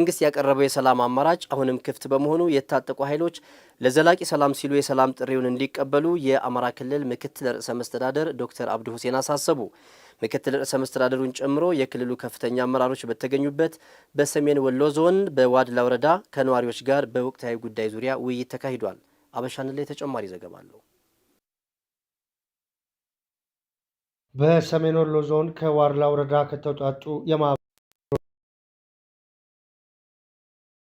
መንግስት ያቀረበው የሰላም አማራጭ አሁንም ክፍት በመሆኑ የታጠቁ ኃይሎች ለዘላቂ ሰላም ሲሉ የሰላም ጥሪውን እንዲቀበሉ የአማራ ክልል ምክትል ርዕሰ መስተዳደር ዶክተር አብዱ ሁሴን አሳሰቡ። ምክትል ርዕሰ መስተዳደሩን ጨምሮ የክልሉ ከፍተኛ አመራሮች በተገኙበት በሰሜን ወሎ ዞን በዋድላ ወረዳ ከነዋሪዎች ጋር በወቅታዊ ጉዳይ ዙሪያ ውይይት ተካሂዷል። አበሻን ላይ ተጨማሪ ዘገባ አለው። በሰሜን ወሎ ዞን ከዋድላ ወረዳ ከተውጣጡ የማ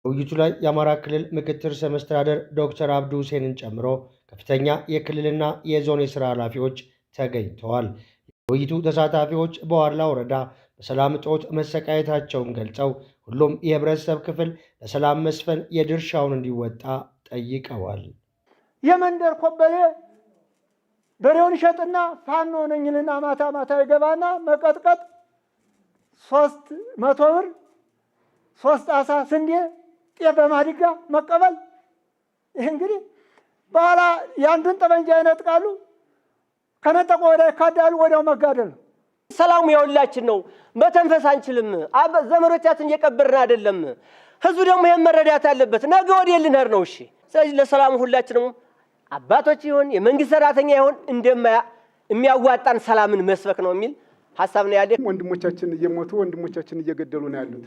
በውይይቱ ላይ የአማራ ክልል ምክትል ርዕሰ መስተዳደር ዶክተር አብዱ ሁሴንን ጨምሮ ከፍተኛ የክልልና የዞን የስራ ኃላፊዎች ተገኝተዋል። የውይይቱ ተሳታፊዎች በዋላ ወረዳ በሰላም እጦት መሰቃየታቸውን ገልጸው ሁሉም የህብረተሰብ ክፍል ለሰላም መስፈን የድርሻውን እንዲወጣ ጠይቀዋል። የመንደር ኮበሌ በሬውን ይሸጥና ፋኖ ነኝ ይልና ማታ ማታ ይገባና መቀጥቀጥ ሶስት መቶ ብር ሶስት አሳ ስንዴ ጤፍ በማድጋ መቀበል። ይህ እንግዲህ በኋላ የአንዱን ጠመንጃ ይነጥቃሉ፣ ከነጠቆ ወደ ካዳሉ ወዲያው መጋደል ሰላሙ የሁላችን ነው። መተንፈስ አንችልም። ዘመዶቻችን እየቀበርን አይደለም። ህዝቡ ደግሞ ይህን መረዳት አለበት። ነገ ወዲያ ልንሄድ ነው። እሺ፣ ስለዚህ ለሰላሙ ሁላችንም አባቶች ይሁን የመንግስት ሰራተኛ ይሁን እንደማያ የሚያዋጣን ሰላምን መስበክ ነው የሚል ሀሳብ ነው ያለ። ወንድሞቻችን እየሞቱ ወንድሞቻችን እየገደሉ ነው ያሉት።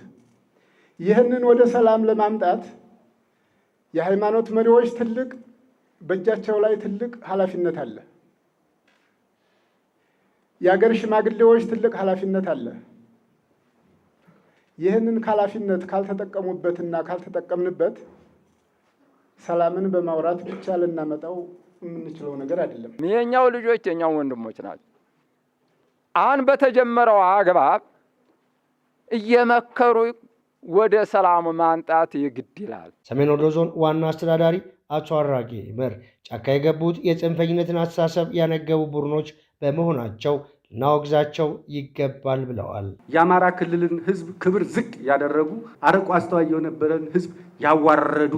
ይህንን ወደ ሰላም ለማምጣት የሃይማኖት መሪዎች ትልቅ በእጃቸው ላይ ትልቅ ኃላፊነት አለ። የአገር ሽማግሌዎች ትልቅ ኃላፊነት አለ። ይህንን ኃላፊነት ካልተጠቀሙበትና ካልተጠቀምንበት ሰላምን በማውራት ብቻ ልናመጣው የምንችለው ነገር አይደለም። የኛው ልጆች የኛው ወንድሞች ናቸው። አሁን በተጀመረው አግባብ እየመከሩ ወደ ሰላም ማንጣት ይግድ ይላል። ሰሜን ወሎ ዞን ዋና አስተዳዳሪ አቶ አራጌ መር ጫካ የገቡት የጽንፈኝነትን አስተሳሰብ ያነገቡ ቡድኖች በመሆናቸው ልናወግዛቸው ይገባል ብለዋል። የአማራ ክልልን ሕዝብ ክብር ዝቅ ያደረጉ አርቆ አስተዋይ የነበረን ሕዝብ ያዋረዱ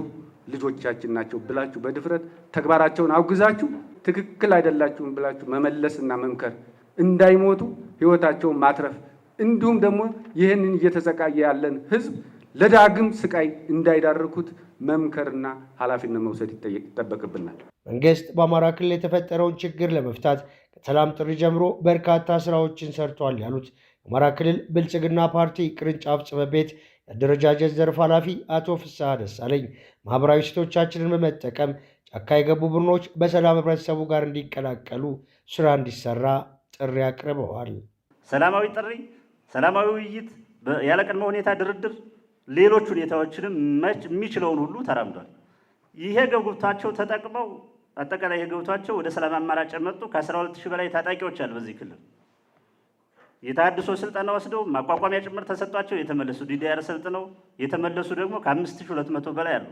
ልጆቻችን ናቸው ብላችሁ በድፍረት ተግባራቸውን አውግዛችሁ ትክክል አይደላችሁም ብላችሁ መመለስና መምከር እንዳይሞቱ ሕይወታቸውን ማትረፍ እንዲሁም ደግሞ ይህንን እየተዘቃየ ያለን ህዝብ ለዳግም ስቃይ እንዳይዳርኩት መምከርና ኃላፊነት መውሰድ ይጠበቅብናል። መንግስት በአማራ ክልል የተፈጠረውን ችግር ለመፍታት ከሰላም ጥሪ ጀምሮ በርካታ ስራዎችን ሰርቷል ያሉት የአማራ ክልል ብልጽግና ፓርቲ ቅርንጫፍ ጽሕፈት ቤት የአደረጃጀት ዘርፍ ኃላፊ አቶ ፍስሐ ደሳለኝ ማህበራዊ እሴቶቻችንን በመጠቀም ጫካ የገቡ ቡድኖች በሰላም ህብረተሰቡ ጋር እንዲቀላቀሉ ስራ እንዲሰራ ጥሪ አቅርበዋል። ሰላማዊ ጥሪ ሰላማዊ ውይይት፣ ያለቅድመ ሁኔታ ድርድር፣ ሌሎች ሁኔታዎችንም የሚችለውን ሁሉ ተራምዷል። ይሄ ገብቷቸው ተጠቅመው አጠቃላይ ይሄ ገብቷቸው ወደ ሰላም አማራጭ መጡ። ከ12 ሺህ በላይ ታጣቂዎች አሉ በዚህ ክልል የተሃድሶ ስልጠና ወስደው ማቋቋሚያ ጭምር ተሰጧቸው የተመለሱ ዲዲአር ሰልጥነው የተመለሱ ደግሞ ከ5200 በላይ አሉ።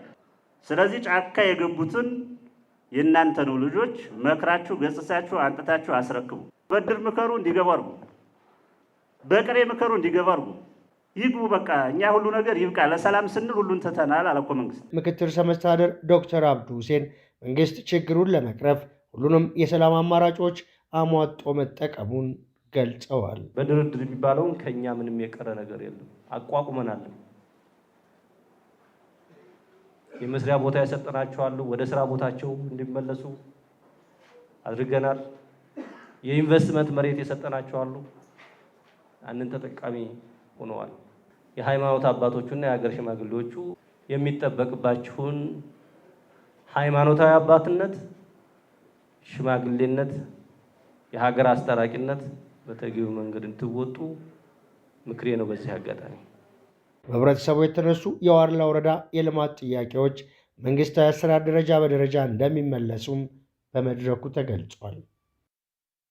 ስለዚህ ጫካ የገቡትን የእናንተ ነው ልጆች መክራችሁ ገጽሳችሁ አንጥታችሁ አስረክቡ። በድር ምከሩ እንዲገቡ በቅሬ ምከሩ እንዲገባ አርጉ። ይግቡ በቃ እኛ ሁሉ ነገር ይብቃ፣ ለሰላም ስንል ሁሉን ትተናል አለ መንግስት። ምክትል ርዕሰ መስተዳድር ዶክተር አብዱ ሁሴን መንግስት ችግሩን ለመቅረፍ ሁሉንም የሰላም አማራጮች አሟጦ መጠቀሙን ገልጸዋል። በድርድር የሚባለውን ከእኛ ምንም የቀረ ነገር የለም፣ አቋቁመናል። የመስሪያ ቦታ የሰጠናቸዋሉ ወደ ስራ ቦታቸው እንዲመለሱ አድርገናል። የኢንቨስትመንት መሬት የሰጠናቸው አሉ። ያንን ተጠቃሚ ሆነዋል። የሃይማኖት አባቶቹና የሀገር ሽማግሌዎቹ የሚጠበቅባችሁን ሃይማኖታዊ አባትነት፣ ሽማግሌነት፣ የሀገር አስታራቂነት በተገቢው መንገድ እንትወጡ ምክሬ ነው። በዚህ አጋጣሚ በህብረተሰቡ የተነሱ የዋርላ ወረዳ የልማት ጥያቄዎች መንግስታዊ አሰራር ደረጃ በደረጃ እንደሚመለሱም በመድረኩ ተገልጿል።